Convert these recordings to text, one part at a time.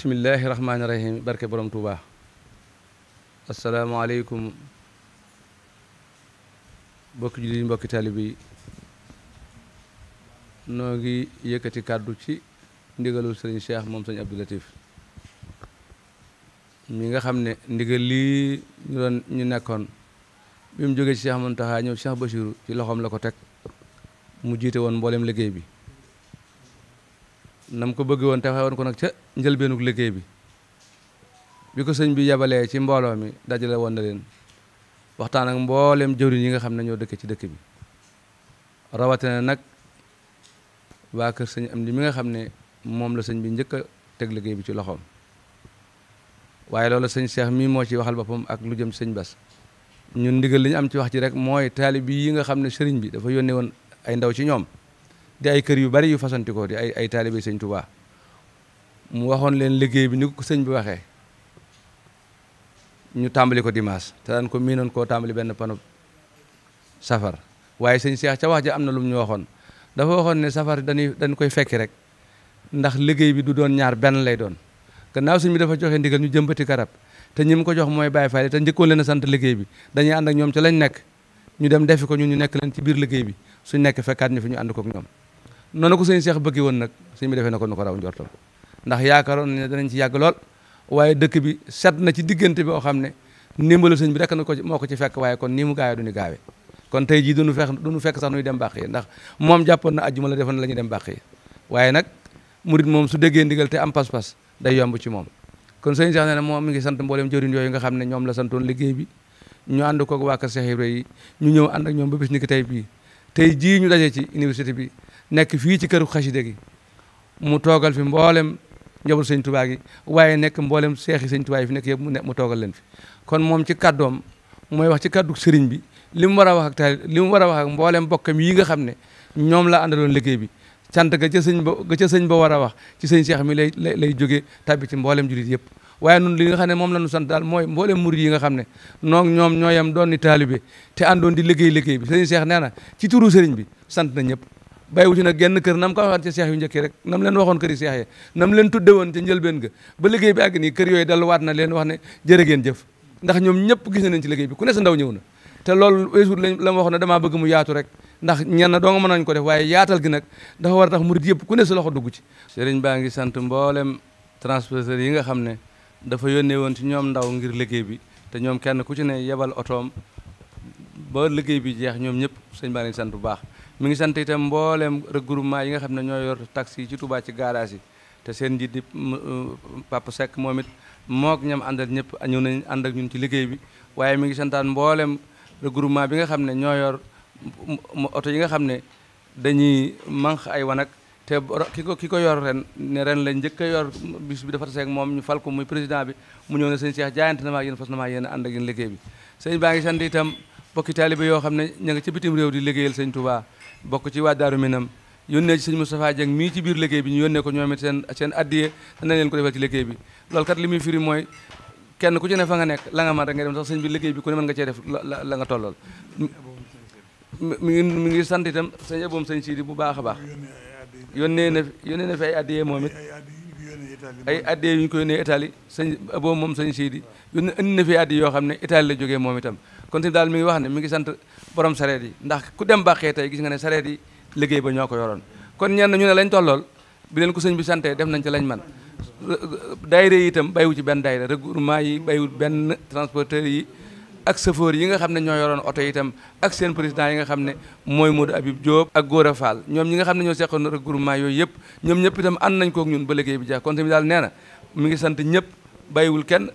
bismillaahi rahmaani rahiim barke borom Tuuba asalaamaaleykum mbokki jullit mbokki taalibe yi noo ngi yëkkati kàddu ci ndigalul sëriñ Cheikh moom sëñ Abdou Latif mi nga xam ne ndigal lii ñu doon ñu nekkoon bi mu jógee ci Cheikh Mountakha ñëw Cheikh Bachirou ci loxoom la ko teg mu jiite woon mboolem liggéey bi nam ko bëggee woon te waxee woon ko nag ca njëlbeenug liggéey bi bi ko sëñ bi yabalee ci mbooloo mi dajale woon na leen waxtaan ak mbooleem jëwriñ yi nga xam ne ñoo dëkk ci dëkk bi rawatina nag waa sëñ am mi nga xam ne moom la sëñ bi njëkk a teg liggéey bi ci loxoom waaye loolu sëñ Cheikh mii moo ci waxal boppam ak lu jëm sëñ Bas ñun ndigal li am ci wax ji rek mooy taalib yi nga xam ne sëriñ bi dafa yónnee woon ay ndaw ci ñoom di ay kër yu bari yu fasantikoo di ay ay taalibe sëñ Tuubaa mu waxoon leen liggéey bi ni ko sëñ bi waxee ñu tàmbali ko dimanche te daan ko miinoon koo tàmbali benn panu safar waaye sëñ Cheikh ca wax ja am na lu mu ñu waxoon dafa waxoon ne safar dañuy dañ koy fekki rek ndax liggéey bi du doon ñaar benn lay doon gannaaw sëñ bi dafa joxe ndigal ñu jëmbati garab te ñi mu ko jox mooy Baay Faal te njëkkoon leen sant liggéey bi dañuy ànd ak ñoom ca lañ nekk ñu dem defi ko ñun ñu nekk leen ci biir liggéey bi suñ nekk fekkaat ñu ñu ànd ñoom noonu ko sëñ Cheikh bëgge woon nag sëñ bi defee na ko nu ko raw njortal ne danañ ci yàgg lool waaye dëkk bi set na ci diggante bi oo xam ne ndimbalu sëñ bi rek na ko moo ko ci fekk waaye kon nii mu gaawee du ñu gaawee kon tey jii duñu fekk sax nuy dem bàq yi ndax moom jàppoon na ajjuma defoon la dem bàq waaye nag murit moom su déggee ndigal te am pas-pas day yomb ci moom kon sëñ Cheikh na moom mi ngi sant mboolem jëriñ yooyu nga xam ne ñoom la santoon liggéey bi ñu ànd koog waa yi ñu ñëw ànd ak ñoom ba bis ni ki tey bii tey jii ñu daje ci université bi nekk fii ci këru xasida gi mu toogal fi mboolem njabul sëñ tubaa gi waaye nekk mboolem seexi sëñ tubaa yi fi nekk yëpp mu ne mu toogal leen fi kon moom ci kàddoom mooy wax ci kàddu sëriñ bi li mu war a wax ak taal li mu war a wax ak mboolem bokkam yi nga xam ne ñoom la àndaloon liggéey bi cant ga ca sëñ ba ga ca sëñ ba war a wax ci sëñ seex mi lay lay jógee tàbbi ci mboolem julit yëpp waaye nun li nga xam ne moom la ñu sant daal mooy mboolem murid yi nga xam ne noog ñoom ñooyam doon ni taalibe te àndoon di liggéey liggéey bi sëñ seex nee na ci turu sëriñ bi sant na ñëpp bàyyiwu ci nag genn kër nam ko waxoon yu njëkk rek nam leen waxoon kër yi seex nam leen tudde woon ca njëlbeen ga ba liggéey a àgg nii yooy yooyu delluwaat na leen wax ne jërë ngeen jëf ndax ñoom ñëpp gis nañ ci liggéey bi ku ne sa ndaw ñëw na te loolu weesul lañ la ma waxoon ne bëgg mu yaatu rek ndax ñenn doo nga nañ ko def waaye yaatal gi nag dafa war a tax murit yëpp ku ne sa loxo dugg ci sëriñ baa ngi sant mboolem transporteur yi nga xam ne dafa yónnee woon ci ñoom ndaw ngir liggéey bi te ñoom kenn ku ci ne yebal otoom ba liggéey bi jeex ñoom ñëpp sëñ baa sant bu baax mi ngi sant itam mbooleem regroupement yi nga xam ne ñoo yor taxi ci tubaa ci garage yi te seen njiit di Papa sekk moom it mook ñam àndal ñëpp ñëw nañ ànd ak ñun ci liggéey bi waaye mi ngi santaan mbooleem regroupement bi nga xam ne ñoo yor oto yi nga xam ne dañuy manq ay wanag te ki ko ki ko yor ren ne ren la njëkk a yor bis bi dafa tase moom ñu fal ko muy président bi mu ñëw ne sëñ Cheikh jaayante na maa yéen fas na maa yéen ànd ak liggéey bi sëñ baa ngi sant itam bokki taalibe yoo xam ne ña nga ci bitim réew di liggéeyal sëñ bokk ci waa Daaru nam yónnee ci sëñ Moustapha Dieng mii ci biir liggéey bi ñu yónnee ko ñoom seen seen addiye danañ leen ko defal ci liggéey bi loolu kat li muy firi mooy kenn ku ci ne fa nga nekk la nga mën nga dem sax bi liggéey bi nga cee def la nga tollool mi ngi mi ngi sant itam sëñ aboom sëñ siidi bu baax a baax yónnee na yónnee na fi ay addiye moom it ay addiye yu ñu ko yónnee Italie sëñ aboom moom sëñ siidi yónnee indi fi addiye yoo xam ne Italie la jógee moom itam kon si daal mi ngi wax ne mi ngi sant borom sareet yi ndax ku dem bàqee tey gis nga ne sareet yi liggéey ba ñoo ko yoroon kon ñenn ñu ne lañ tollool bi leen ko sëñ bi santee def nañ ci lañ man daayira yi itam bayiwu ci benn rek regroupement yi bayiwu benn transporteur yi ak chauffeur yi nga xam ne ñoo yoroon oto itam ak seen président yi nga xam ne mooy Modou Habib Diop ak Gora Fall ñoom ñi nga xam ne ñoo seqoon regroupement yooyu yëpp ñoo ñëpp itam ànd nañ kook ñun liggéey bi jeex kon tamit daal nee na mi ngi sant ñëpp bàyyiwul kenn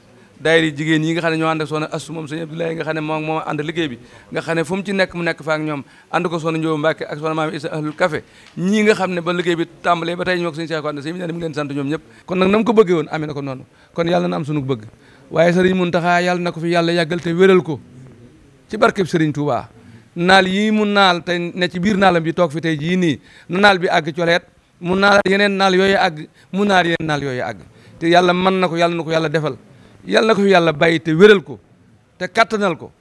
daayiri jigéen ñi nga xam ne ñoo ànd ak soxna Astu moom sëñ nga xam ne moom moom ànd liggéey bi nga xam ne fu mu ci nekk mu nekk fa ak ñoom ànd ko soxna Njóoba Mbàkke ak soxna Maam Isa ahlul café ñii nga xam ne ba liggéey bi tàmbalee ba tey ñoo ko sëñ Cheikh ko ànd sëñ bi nee na mi ngi leen sant ñoom ñëpp kon nag na mu ko bëggee woon amee na ko ko fi yàlla yàggal te wéral ko naal yii mu naal tey ne ci biir naalam bi toog fi tey jii nii na naal bi àgg coleet mu naal yeneen naal yooyu àgg mu naal yeneen naal yooyu àgg te yàlla man na ko yàlla na ko yàlla defal yàlla ko fi yàlla bay te wéral ko te kattanal ko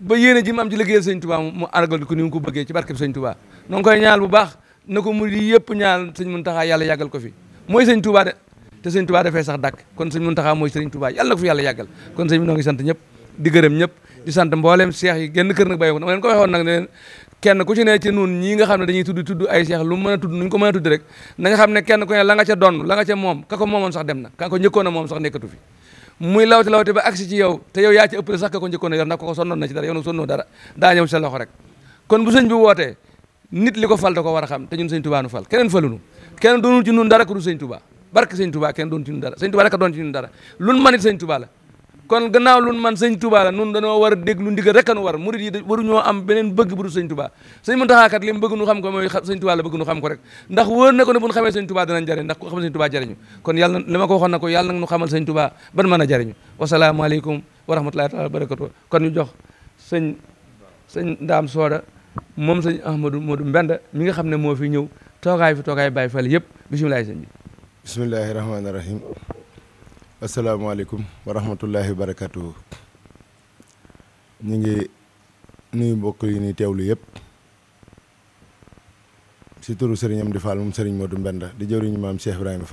ba yéene ji mu am ci liggéeyal sëñ Tuubaa mu aragal ko mu ko bëggee ci barkeb sëñ Tuubaa noo ngi koy ñaal bu baax na ko murid yi yëpp ñaal sëñ Muntaxaa yàlla yàggal ko fi mooy sëñ Tuubaa de te sëñ Tuubaa kon sëñ Muntaxaa mooy sëñ Tuubaa yàlla na ko fi yàlla kon sëñ bi noo gërëm ñëpp di sant mbooleem seex yi genn kër nag bàyyi ko dama leen ko waxoon nag ne leen kenn ku ci ne ci nun ñii ne dañuy tudd tudd ay a tudd ko mën a na nga xam ne kenn ku donn la nga ca moom ka dem na ka ko njëkkoon moom sax nekkatu fi muy lawte lawte ba agsi ci yow te yow yaa ci ëppale sax ka ko njëkkoon a yor ndax koko sonnoon na ci dara yow nag sonnoo rek kon bu sëñ bi wootee ko fal ko war a xam te ñun sëñ Touba nu fal keneen falunu keneen doonul ci ñun dara ku du sëñ Touba barke sëñ Touba kenn doon ci ñun dara sëñ Touba a doon kon gannaaw lu man sëñ Touba la nun dañoo war a déglu ndigal rek anu war murid yi waruñoo am beneen bëgg bu dul sëñ Touba sëñ Muntaxa kat li mu bëgg nu xam ko mooy sëñ Touba la bëgg nu xam ko rek ndax wóor na ko ne bu ñu xamee sëñ Touba danañ jariñ ndax ku xam sëñ Touba jariñu kon yàlla li ma ko waxoon na ko yàlla nag nu xamal sëñ Touba ban mën a jariñu wasalaamaaleykum wa rahmatullahi taala wa barakatu kon ñu jox sëñ sëñ Ndaam Sooda moom sëñ Ahmadou Modou Mbenda mi nga xam ne moo fi ñëw toogaay fi toogaay Baay Faal yëpp bisimilahi sëñ bi bisimilahi rahmaani rahim asalaamaaleykum wa rahmatullahi wa barakatuhu ñu ngi nuyu mbokk yi ni teewlu yëpp si turu sëriñam Amdi Fall moom Serigne Modou Mbenda di jëwriñu maam Cheikh Ibrahima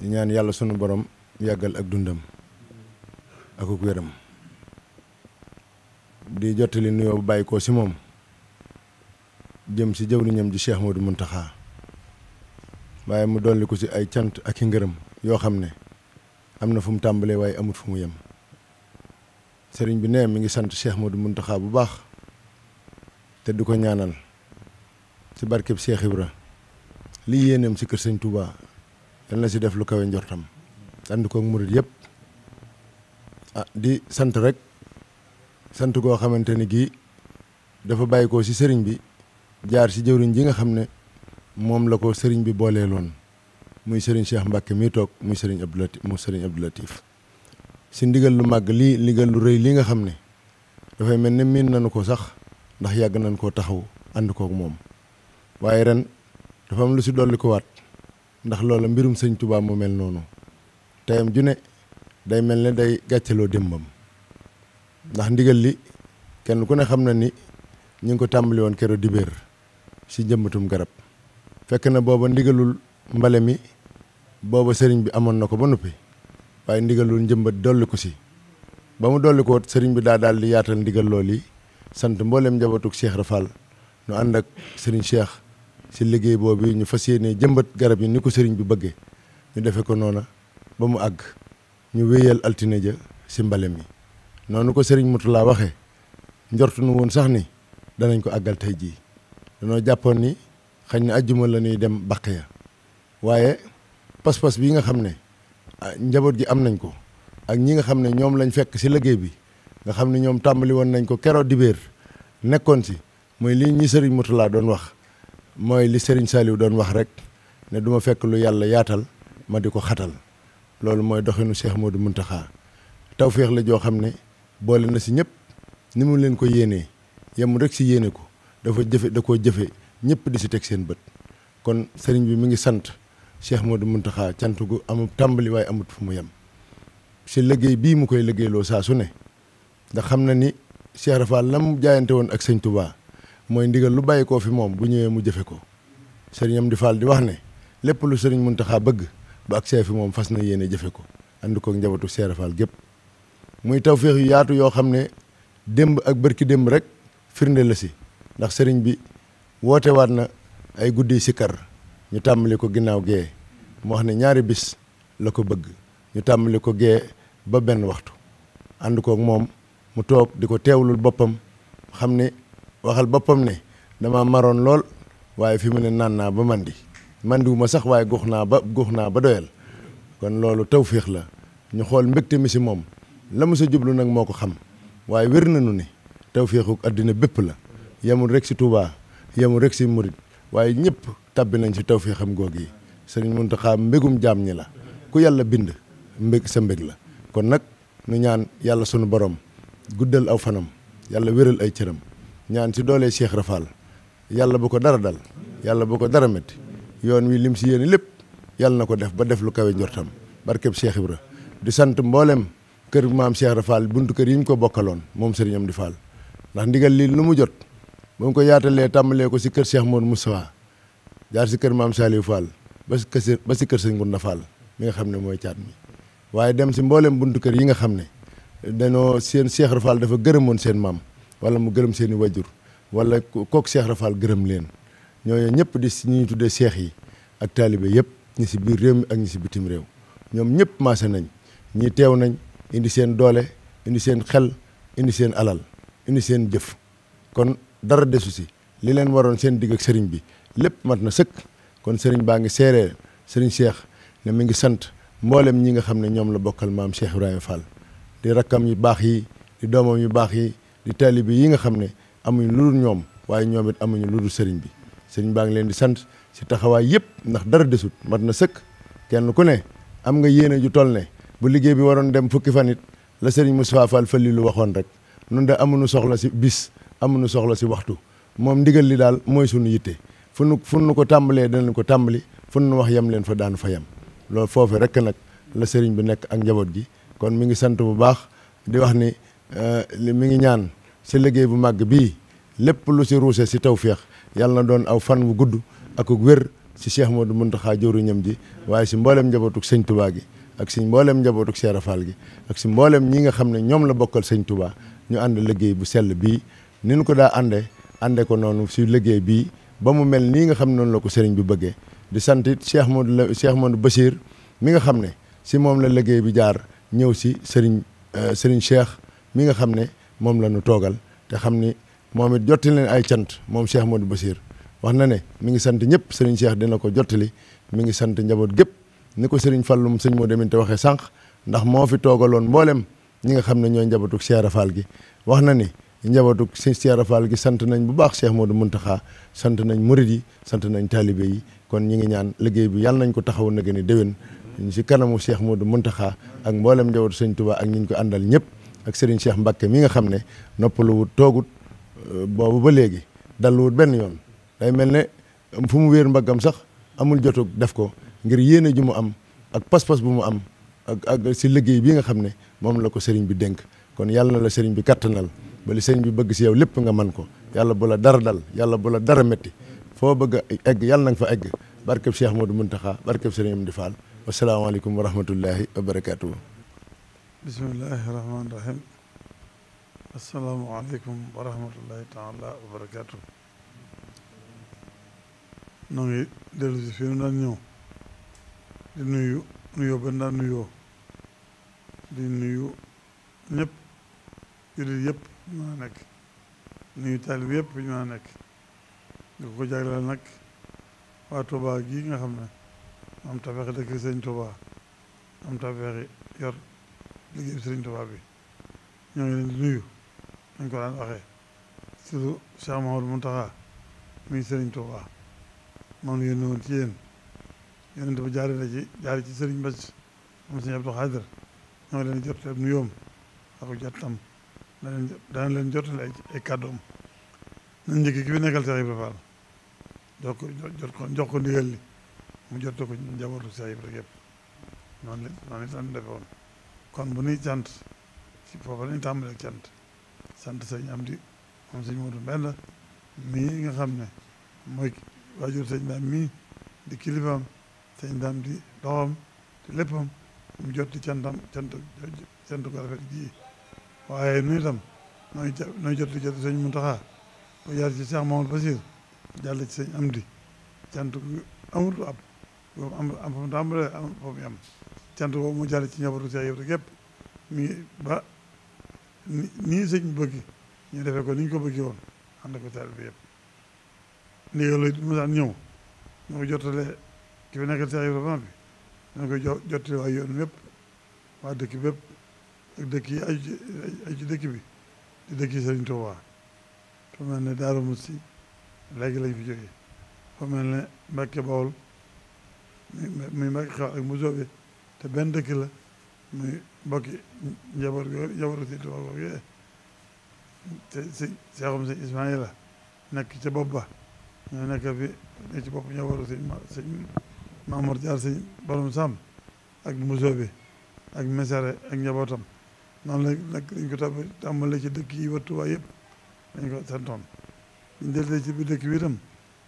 di ñaan yàlla sunu borom yàggal ak dundam ak ak di jottali nuyoo bu bàyyi si moom jëm si jëwriñam ji Cheikh Modou Mountakha waaye mu dolli ko si ay cant ak i ngërëm yoo xam ne am na fu mu tàmbalee waaye amut fu mu yem sëriñ bi ne mi ngi sant Cheikh Modou xaa bu baax te du ko ñaanal ci barkeb Cheikh Ibra lii yéeneem ci kër sëñ Touba yal na si def lu kawe njortam ànd ko ak yëpp ah di sant rek sant goo xamante ni gii dafa bàyyi ko ci sëriñ bi jaar ci jëwriñ ji nga xam ne moom la ko sëriñ bi booleeloon muy Serigne Cheikh Mbacke mi toog muy Serigne Abdou Latif mu Serigne Abdou Latif si ndigal lu màgg lii ndigal lu rëy lii nga xam ne dafay mel ne miin nañu ko sax ndax yàgg nañ koo taxaw ànd kook moom waaye ren dafa am lu si dolli ko waat ndax loola mbirum sëñ Tuubaa mu mel noonu teyam ju ne day mel ne day gàccaloo démbam ndax ndigal li kenn ku ne xam na ni ñu ngi ko tàmbaliwoon keroo kero dibéer si jëmbatum garab fekk na booba ndigalul mbale mi booba sëriñ bi amoon na ko ba noppi waaye ndigal loolu njëmbat dolli ko si ba mu dolli ko sëriñ bi daa daal di yaatal ndigal loolu yi sant mbooleem njabootug Cheikh Rafal nu ànd ak sëriñ Cheikh si liggéey boobu ñu fas yéenee jëmbat garab yi ni ko sëriñ bi bëggee ñu defe ko noona ba mu àgg ñu wéyal altine ja si mbale mi noonu ko sëriñ Moutalla waxee njortu nu woon sax ni danañ ko àggal tey jii danoo jàppoon ni xañ na ajjuma la ñuy dem bàq ya waaye pas-pas bii nga xam ne ah, njaboot ji am nañ ko ak ñi nga xam ne ñoom lañ fekk si liggéey bi nga xam ne ñoom tàmbali woon nañ ko keroog dibeer nekkoon si mooy li ñi Serigne Moutala doon wax mooy li Serigne Saliou doon wax rek ne du ma fekk lu yàlla yaatal ma di ko xatal loolu mooy doxinu moo Cheikh Modou Mountakha tawféex la joo xam ne boole na si ñëpp ni mu leen ko yéenee yemul rek si yéene ko dafa jëfe da koo jëfe ñëpp di si teg seen bët kon sëriñ bi mi ngi sant Cheikh Modou Mountakha cantu gu amul tàmbali waaye amut fu mu yem si liggéey bii mu koy liggéeyloo saa su ne ndax xam na ni Cheikh Rafaal la mu jaayante woon ak sëñ Touba mooy ndigal lu bàyyi koo fi moom bu ñëwee mu jëfe ko sëriñam di Fall di wax ne lépp lu sëriñ Mountakha bëgg bu ak see fi moom fas na yéene jëfe ko ànd ko njabootu Cheikh Rafaal gépp muy tawféex yu yaatu yoo xam ne démb ak bërki démb rek firnde la si ndax sëriñ bi woote waat na ay guddi sikkar ñu tàmbali ko ginnaaw gee mu wax ne ñaari bis la ko bëgg ñu tàmbali ko gee ba benn waxtu ànd kook moom mu toog di ko teewlul boppam xam ne waxal boppam ne dama maroon lool waaye fi mu ne naan naa ba mandi mandiwuma sax waaye guux naa ba guux naa ba doyal kon loolu tawféex la ñu xool mbégte mi si moom la mu jublu nag moo ko xam waaye wér nañu ne tawféexu àddina bépp la yemul rek si Touba yemul rek si murit waaye ñëpp tàbbi nañ si taw ci tawféexam goog yi sëriñ Muntaxa mbégum jaam ni la ku yàlla bind mbég sa mbég la kon nag nu ñaan yàlla sunu borom guddal aw fanam yàlla wéral ay cëram ñaan si doolee Cheikh Rafal yàlla bu ko dara dal yàlla bu ko dara métti yoon wi lim si yéene lépp yàlla na ko def ba def lu kawe njortam barkeb Cheikh ra di sant mboolem kër maam Cheikh Rafal buntu kër yi ñu ko bokkaloon moom sëriñam di Fall ndax ndigal lii lu mu jot ba mu ko yaatalee tàmbalee ko si kër Cheikh mu Moussa jaar si kër maam Saliou Fall ba si kër ba si kër sëñ mi nga xam ne mooy caat mi waaye dem si mboolem buntu kër yi nga xam ne danoo seen Cheikh Rafal dafa gërëmoon seen maam wala mu gërëm seeni wajur wala kook Cheikh Rafal gërëm leen ñooñu ñëpp di si tuddee seex yi ak taalibe yëpp ñi si biir réew mi ak ñu si bitim réew ñoom ñëpp maase nañ ñi teew nañ indi seen doole indi seen xel indi seen alal indi seen jëf dara desu si li leen waroon seen digg ak sëriñ bi lépp mat na sëkk kon sëriñ baa ngi seeree sëriñ Cheikh ne mi ngi sant mboolem ñi nga xam ne ñoom la bokkal maam Cheikh Ibrahima Fall di rakkam yu baax yi di doomam yu baax yi di taalibe yi nga xam ne amuñu lu dul ñoom waaye ñoom it amuñu lu dul sëriñ bi sëriñ baa ngi leen di sant si taxawaay yëpp ndax dara desut mat na sëkk kenn ku ne am nga yéene ju toll ne bu liggéey bi waroon dem fukki fan it la sëriñ Moustapha Fall fëlli lu waxoon rek nun de amuñu soxla si bis amuñu soxla si waxtu moom ndigal li daal mooy suñu yitte fu nu fu nu ko tàmbalee danañ ko tàmbali fu nu wax yem leen fa daan fa yem loolu foofu rek nag la sëriñ bi nekk ak njaboot ji kon mi ngi sant bu baax di wax ni euh, mi ngi ñaan si liggéey bu màgg bii lépp lu si ruuse si tew tawféex yàlla na doon aw fan bu gudd ak wér si Cheikh Modou Mountakha jëwriñam ji waaye si mbooleem njabootuk sëñ Touba gi ak si mbooleem njabootuk Cheikh Rafal gi ak si mboolem ñi nga xam ne ñoom la bokkal sëñ ñu ànd liggéey bu sell bii ni ñu ko daa ànde ànde ko noonu si liggéey bii ba mu mel nii nga xam noonu la ko sëriñ bi bëggee di sant it Cheikh Modou la Cheikh Modou Bachir mi nga xam ne si moom la liggéey bi jaar ñëw si sëriñ euh, sëriñ Cheikh mi nga xam ne moom la ñu toogal te xam ni moom it jottali leen ay cant moom Cheikh Modou Bachir wax na ne mi ngi sant ñëpp sëriñ Cheikh dina ko jottali mi ngi sant njaboot gépp ni ko sëriñ Fallum sëñ moo demin te waxee sànq ndax moo fi toogaloon mbooleem ñi nga xam ne ñooy njabootu Cheikh Rafal gi wax na ni njabootu sëñ Cheikh Fall gi sant nañ bu baax Cheikh Modou Mountakha sant nañ murid yi sant nañ taalibe yi kon ñi ngi ñaan liggéey bi yàlla nañ ko taxaw na gën a déwén si kanamu Cheikh Modou Mountakha ak mboolem njabootu sëñ Touba ak ñi ñu ko àndal ñëpp ak Serigne Cheikh Mbacke mi nga xam ne noppaluwut toogut euh, boobu ba léegi dalluwut benn yoon day mel ne fu mu wéer mbaggam sax amul jotug def ko ngir yéene ju mu am ak pas bu mu am ak ak si liggéey bi nga xam ne moom la ko sëriñ bi dénk kon yàlla na la sëriñ bi kattanal ba seen bi bëgg si yow lépp nga man ko yàlla bu la dara dal yàlla bu la dara métti foo bëgg a egg yàlla na fa egg barkeb Cheikh Modou Mountakha barkeb sëriñ Amdi Fall wasalaamaaleykum wa rahmatullahi wa barakaatuhu bismillahi rahmaani rahim asalaamaaleykum wa rahmatullahi si fii nu daan ñëw di nuyu nuyoo ba daan nuyoo di nuyu ñëpp jullit yëpp fu ñu mën a nekk nuyu taalibe yëpp fu ñu mën nekk di ko jagleel nag waa Touba gi nga xam ne am tafeexi dëkk sëñ Touba am tafeexi yor liggéey bi sëñ Touba bi ñoo ngi leen di nuyu dañ ko daan waxee surtout Cheikh Mahamadou Mountakha muy sëriñ Touba moom la yónni woon ci yéen yéen dafa jaare na ci jaare ci sëriñ Bass am sëñ Abdou Khadir ñoo ngi leen di jot ab nuyoom ak jottam dana leen jot le jottali ay ay kàddoom nañ njëkk ki fi nekkal Cheikh Ibra Fall jox jot ko jox ko ndigal li mu jot ko njabootu Cheikh Ibra yëpp noonu la noonu la ñu defe kon bu ñuy cant ci foofu la ñuy tàmbalee cant sant sëñ Amdi moom sëñ Modou Mbenda mii nga xam ne mooy waajur sëñ daam di kilifaam sëñ daam di doxam di léppam mu jot ci cantam cant cant ko rafet ji waaye nu itam nooy nooy jot li jot sëñ Muntaxa ba jaar ci Cheikh Mamadou Basir jàll ci sëñ Amdi am am fa mu tàmbalee am fa mu yem cant mu jàll ci njabootu Cheikh Ibrahima gépp mi ba nii sëñ bi bëgg ñu defee ko ni ko bëggee woon ànd ko taal bi yëpp ndigal loolu mu daan ñëw ñu ko jottalee ki fi nekkal Cheikh Ibrahima bi dana koy jottali waa yoon yëpp waa dëkk bépp ak dëkk yi aju ci aju bi di Sëriñ Tuubaa fa mel ne Daaru Musti léegi lañ fi jógee fa mel ne Mbàkke Bawol muy Mbàkke Xewar ak Mbusoobe te benn dëkk la muy mbokki njaboot yooyu njaboot Sëriñ Tuubaa boobu yooyu te si seexum sëñ Ismaayila nekk ca bopp ba ñoo nekk fi ne ci bopp njaboot sëñ sëñ Maamor Jaar sëñ Borom Sam ak Mbusoobe ak Mesere ak njabootam noonu la nag dañ ko tàmm tàmmale ci dëkk yi wattuwaay yëpp dañ ko santoon ñu dellee ci bi dëkk bi itam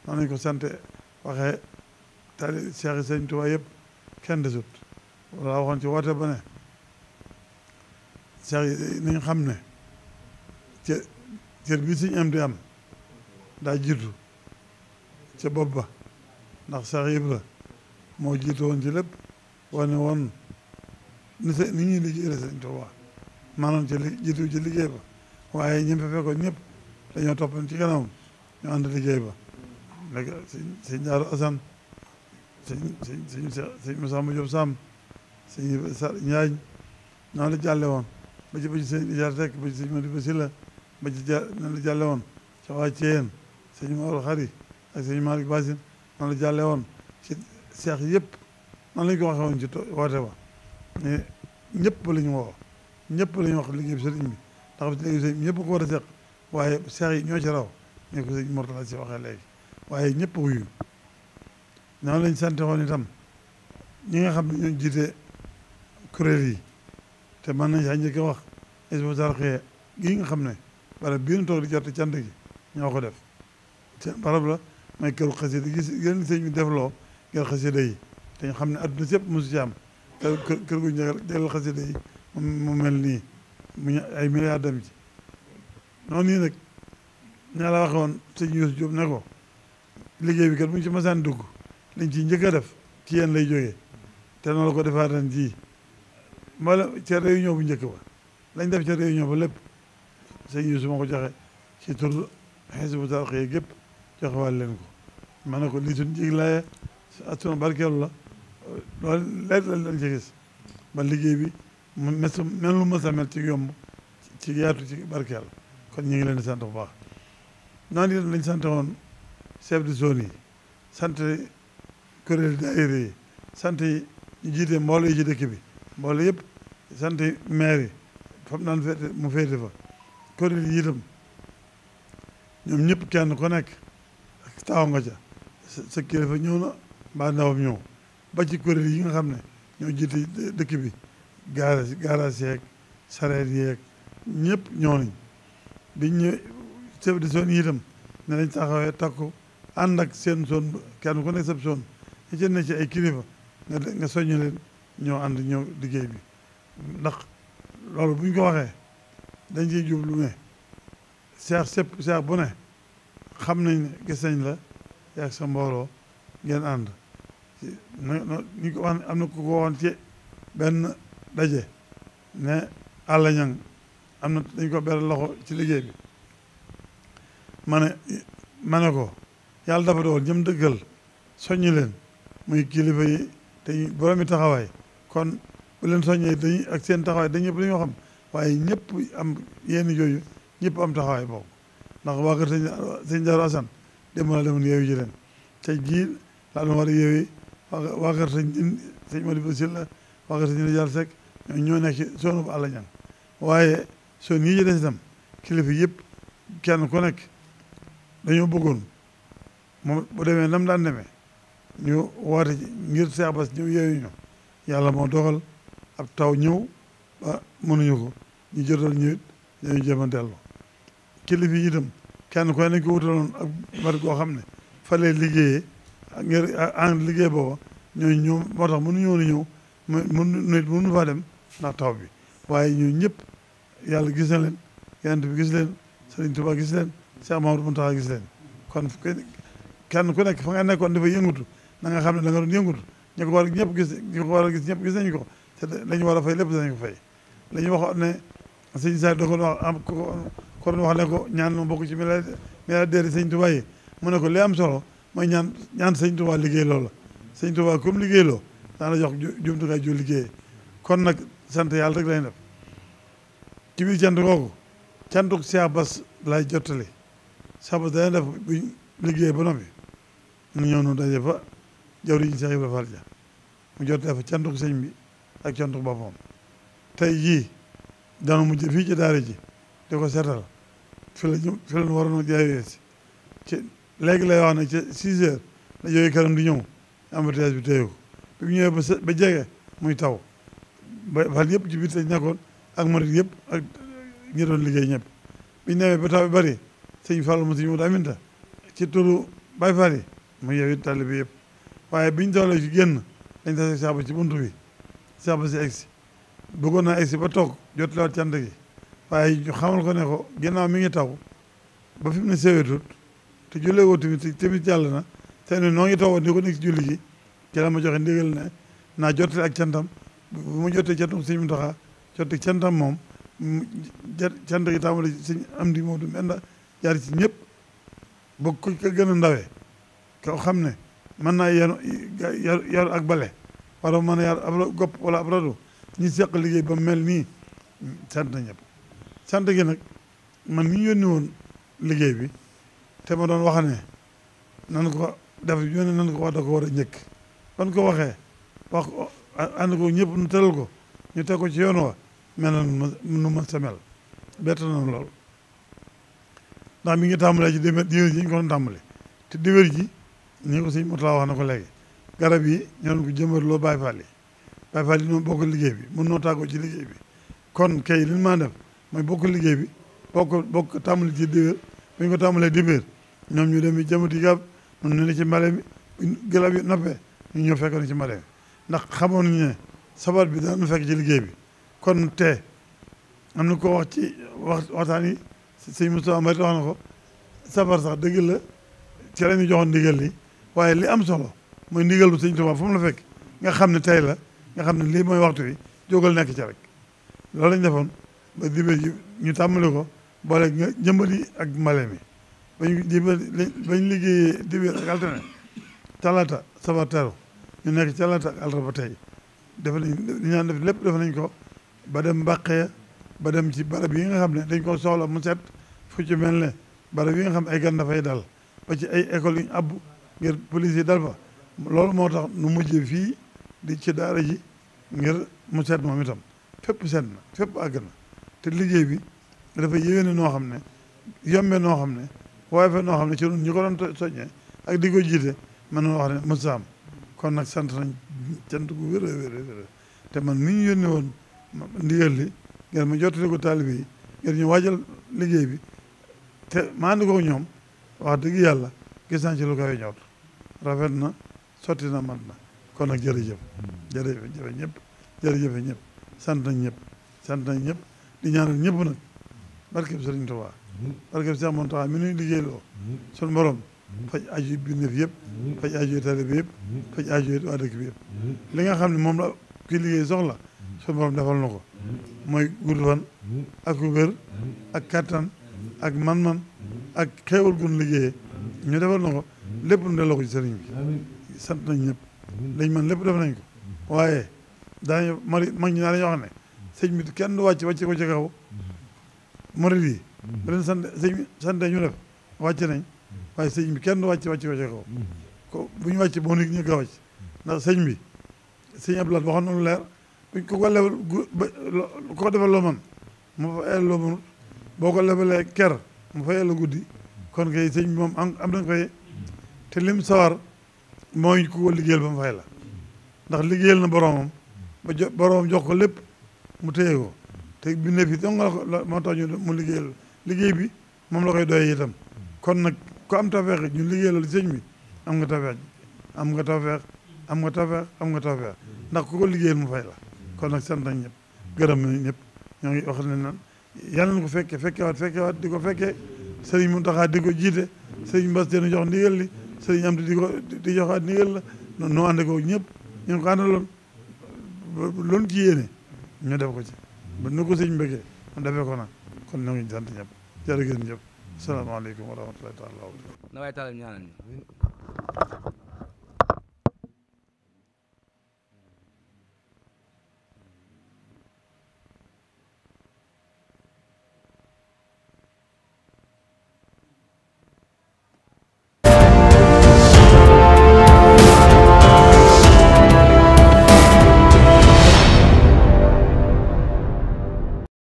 noonu ko sante waxee taali Cheikh yi Sëñ Tuubaa yëpp kenn desut wala waxoon ci woote ba ne Cheikh xam ne ca cër bi Sëñ am am daa jiitu ca bopp ba ndax Cheikh Ibra moo jiitu woon ci lépp wane woon ni se ni ñuy liggéeyal Sëñ Tuubaa maanaam ci jiitu ci liggéey ba waaye ñi fa fekkoon ñëpp dañoo toppoon ci gannaawam ñu ànd liggéey ba léegi sëñ sëñ Daaru Asan sëñ sëñ sëñ sëñ Masamba Jóob Sàmm sëñ Sar Njaañ noonu la jàlle woon ba ci ba ci sëñ Ijaar Sekk ba ci sëñ Basila ba ci ja noonu la jàlle woon ca waa Ceyeen sëñ Mor Xari ak jàlle woon ci seex yëpp noonu la ñu ko waxee woon ci woote ba ñëpp la ñu woo ñëpp la ñuy wax liggéey bi sëriñ bi ndax bi liggéey bi sëriñ bi ñëpp ko war a seq waaye seex yi ñoo ci raw ñu ko sëriñ Mortala si waxee léegi waaye ñëpp wuyu noonu lañ sante woon itam ñi nga xam ne ñoo jiite kuréel yi te mën nañ saa njëkk wax Hizbut Tarqiyyah nga xam ne barab bii nu toog di jarte gi ñoo ko def seen barab la may këru xasida gi yéen sëñ bi defloo ngeen ñu xam ne adduna sépp mosu ci am kër kër gu ñu jagleel xasida yi mu mel nii mu ay milliards dem ci noonu nii nag ñaa la waxe woon liggéey bi kat mu ñu ci masaan dugg liñ ci njëkk a def ci yéen lay jógee te la ko defaat ren jii mbala ca réunion bu njëkk wa lañ def ca réunion ba lépp sëñ Youssou ma ko joxe ci tur Hizbut Tarqiyyah gépp joxe waal leen ko ma ne ko lii suñ jiglaayee ak la loolu leer la leen ci ba liggéey bi mu mes mel lu mës mel ci yomb ci yaatu ci barkeel kon ñu ngi leen di sant bu baax noonu itam lañ sant woon chef de zone yi sant kuréel daayira yi sant yi jiite mboolo yi ci dëkk bi mbool yëpp sant maire yi fam naan féete mu féete fa kuréel yi ñoom ñëpp kenn ko nekk ak taxaw nga ca sa kilifa ñëw na mbaa ndawam ñëw ba ci kuréel yi nga xam ne ñoo jiite dëkk bi garage garage yeeg sareet yeeg ñëpp ñoo nañ biñ ñu chef de zone yi ne lañ taxawee takku ànd ak seen zone kenn ku nekk sab zone ñi ci ne ci ay kilifa nga nga soññu leen ñoo ànd ñëw liggéey bi ndax loolu buñ ko waxee dañ ciy jublu ne seex sëpp seex bu ne xam nañ ne gis nañ la yaa sa mbooloo ngeen ànd na ko wax am na ku ko waxoon benn daje ne àll am na dañ ko beral loxo ci liggéey bi ma ne ma ne ko yàlla dafa dogal jëm dëggal soññi leen muy kilifa yi te boroomi taxawaay kon bu leen soññee dañuy ak seen taxawaay dañ ñëpp dañoo xam waaye ñëpp am yenn yooyu ñëpp am taxawaay boobu ndax waa kër sëñ sëñ Daaru Asan dem la demoon yeewu ji leen te jii laa doon war a yeewi waa waa kër sëñ sëñ Madiba Sylla waa kër sëñ ñoo nekk ci bu àll ñaan waaye zone yi des itam kilifa yëpp kenn ku nekk dañoo bëggoon moom bu demee nam daan neme ñu woote ci ngir Seex Bas ñëw yeeyu yàlla moo doxal ab taw ñëw ba mënuñu ko ñu jotal ñu it dañu jéem a dellu kilifa yi kenn ku ne ko wutaloon ak bar goo xam ne fa lay ngir en ah, ah, liggéey booba ñoo ñoom moo tax mënuñu woon a ñëw mënu nit mënu faa dem ndax taw bi waaye ñu ñëpp yàlla gis na leen yonent bi gis leen Sëriñ Tuubaa gis leen Cheikh Mamadou Mountakha gis leen kon kenn ku nekk fa nga nekkoon dafa yëngatu na nga xam ne da nga doon yëngatu ñu ko war a ñëpp gis ñu ko war a gis ñëpp gis nañu ko te la ñu war a fay lépp dinañ ko fay la ñu waxoon ne sëñ Saar da ko wax am ko doon wax ne ko ñaan ma bokk ci milliardaire yi sëñ Tuubaa yi mu ne ko li am solo mooy ñaan ñaan sëñ Tuubaa liggéey loola sëñ Tuubaa comme liggéey loo daan la jox jumtukaay ju liggéey kon nag sant yàlla rek lañ def ci biir cant googu cantuk Cheikh lay jottali Cheikh Bass dana def liggéey ba noppi mu ñëw nu daje fa jawriñ Cheikh Ibrahima Fall ja mu jottali fa cantuk sëñ bi ak cantuk boppam tey ji dana mujj fii ci daara ji di ko seetal fi la ñu fi ci léegi lay wax ne ci six heures la jógee këram di ñëw embouteillage bi téye ko bi mu ñëwee jege muy taw ba fal yëpp ci biir sëñ nekkoon ak murit yëpp ak ñi liggéey ñëpp biñu demee ba taw bari sëñ Fallu mu sëñ Moodu Aminta ci turu Baay Faal mu yewi tali bi yëpp waaye biñ doolee ci génn dañ tase saaba ci buntu wi saaba si egsi bëggoon naa egsi ba toog jot lewat cant gi waaye ñu xamal ko ne ko ginnaaw mi ngi taw ba fi mu ne sewetut te jullee woo tamit tamit jàll na te noo ngi tawoon di ko nekk ci julli ma joxe ndigal ne naa jottali ak cantam mu jotee cantum sëñ Muntaxa jote cantam moom cant gi tàmbali sëñ am di moo du menda jaar ci ñëpp bokk ku gën a ndawee koo xam ne mën na yenu yaru ak bale wala mën a yaru gopp wala ab radu ñi seq liggéey ba mel nii sant ñëpp sant gi nag man mi ñu woon liggéey bi te ma doon wax ne nan ko def yónni nan ko wax da ko war a njëkk ko waxee ànd ko ñëpp nu tëral ko ñu teg ko ci yoon wa mel na nu mën sa mel bett na lool ndax mi ngi tàmbalee ci déwén ji ñu ko doon tàmbale te déwén ji ni ko sëñ na ko léegi garab yi ñoo ko jëmbat loo Baay Faal yi Baay Faal yi liggéey bi mën noo tàggoo ci liggéey bi kon kay li ma def mooy bokk liggéey bi bokk bokk tàmbali ci déwén bu ñu ko tàmbalee déwén ñoom ñu dem jëmati garab ñu ne ci mbale mi yi noppee ñu ñëw fekk na ci mbale ndax xamoon nañu ne sabar bi daan fekk ci liggéey bi kon te am na ko wax ci wax waxtaan yi sëñ Moustapha Mbaye wax na ko sabar sax dëgg la ci la joxoon ndigal li waaye li am solo mooy ndigal bu sëñ Tuubaa fu mu la fekk nga xam ne tey la nga xam ne lii mooy waxtu wi jógal nekk ci rek loolu lañ defoon ba dibe ji ñu tàmmali ko boole nga jëmbali ak mbale mi bañ dibe bañ liggéeyee ak altine talaata sabar teru ñu nekk ca laata ak ba tey def nañ li ñaan def lépp def nañ ko ba dem mbàqee ba dem ci barab yi nga xam ne dañ ko soxla mu set fu ci mel ne barab yi nga xam ay gan dafay dal ba ci ay école yi ñu abbu ngir police yi dal fa loolu moo tax nu mujjee fii di ci daara ji ngir mu set moom itam fépp set na fépp àgg na te liggéey bi dafa yéwéne noo xam ne yombe noo xam ne waaye fa noo xam ne ci ñun ñu ko doon soññee ak di ko jiite mën na wax ne mustaam kon nag sant nañ cant gu wér te man mi ñu yónni woon ndigal li ngeen ma jottali ko taalibe yi ngeen ñu waajal liggéey bi te maandi ko ñoom wax dëgg yàlla gis naa ci lu kawe rafet na sotti na mat na kon nag jërëjëf jërëjëf ñëpp jërëjëf ñëpp sant nañ ñëpp sant nañ ñëpp di ñaanal ñëpp nag barkeb Sëriñ Tuubaa barkeb Seex Muntaxa mi nuy liggéey loo suñu borom faj aju bindeef yëpp mm-hmm. faj aju taalibe yëpp mm-hmm. faj aju waa dëkk bi yëpp mm-hmm. li nga xam ne moom la kii liggéey soxla su borom defal na ko mooy gudd fan ak wér ak kattan ak man-man ak xéewal gun liggéeyee ñu defal na ko lépp nu delloo ko ci sëriñ sant nañ ñëpp lañ man lépp def nañ ko waaye daañu mari mag ñi naa dañoo xam ne sëñ bi kenn du wàcc wàcce kaw murid yi bu leen sant sëñ bi ñu def wàcce nañ waaye sëñ bi kenn wàcc wàcc wàcce ko bu ñu wàcc boo nit ñu ko wàcc ndax sëñ bi sëñ Abdoulaye waxoon na lu leer buñ ko ko lebal ko defal loo man mu fa el loo ker mu fa guddi kon kay sëñ bi moom am nañ koy te lim sawar mooy ku ko liggéeyal ba mu fay la ndax liggéeyal na boromam ba jo jox ko lépp mu téye ko te bi ne fi dong la ko moo tax ñu mu liggéeyal liggéey bi moom la koy doyee itam kon nag ku am tawfeex ñu liggéeyal sëñ bi am nga tawfeex am nga tawfeex am nga tawfeex am nga tawfeex ndax ku ko liggéeyal mu fay la kon nag sant nañ ñëpp gërëm nañ ñëpp ñoo ngi wax ne nan yal nañ ko fekke fekkewaat fekkewaat di ko fekkee sëriñ Muntaxa di ko jiite sëriñ Mbas dina jox ndigal li sëriñ am di ko di joxaat ndigal la noonu noo ànd ñëpp ñu ko àndaloon loolu ci yéene def ko ci ba nu ko sëñ mbëggee mu defee ko nag kon ñoo ngi sant ñëpp jërëjëf salaamaaleykum wa rahmatullahi taala wa barakatu na waaye taalal ñaanal ñi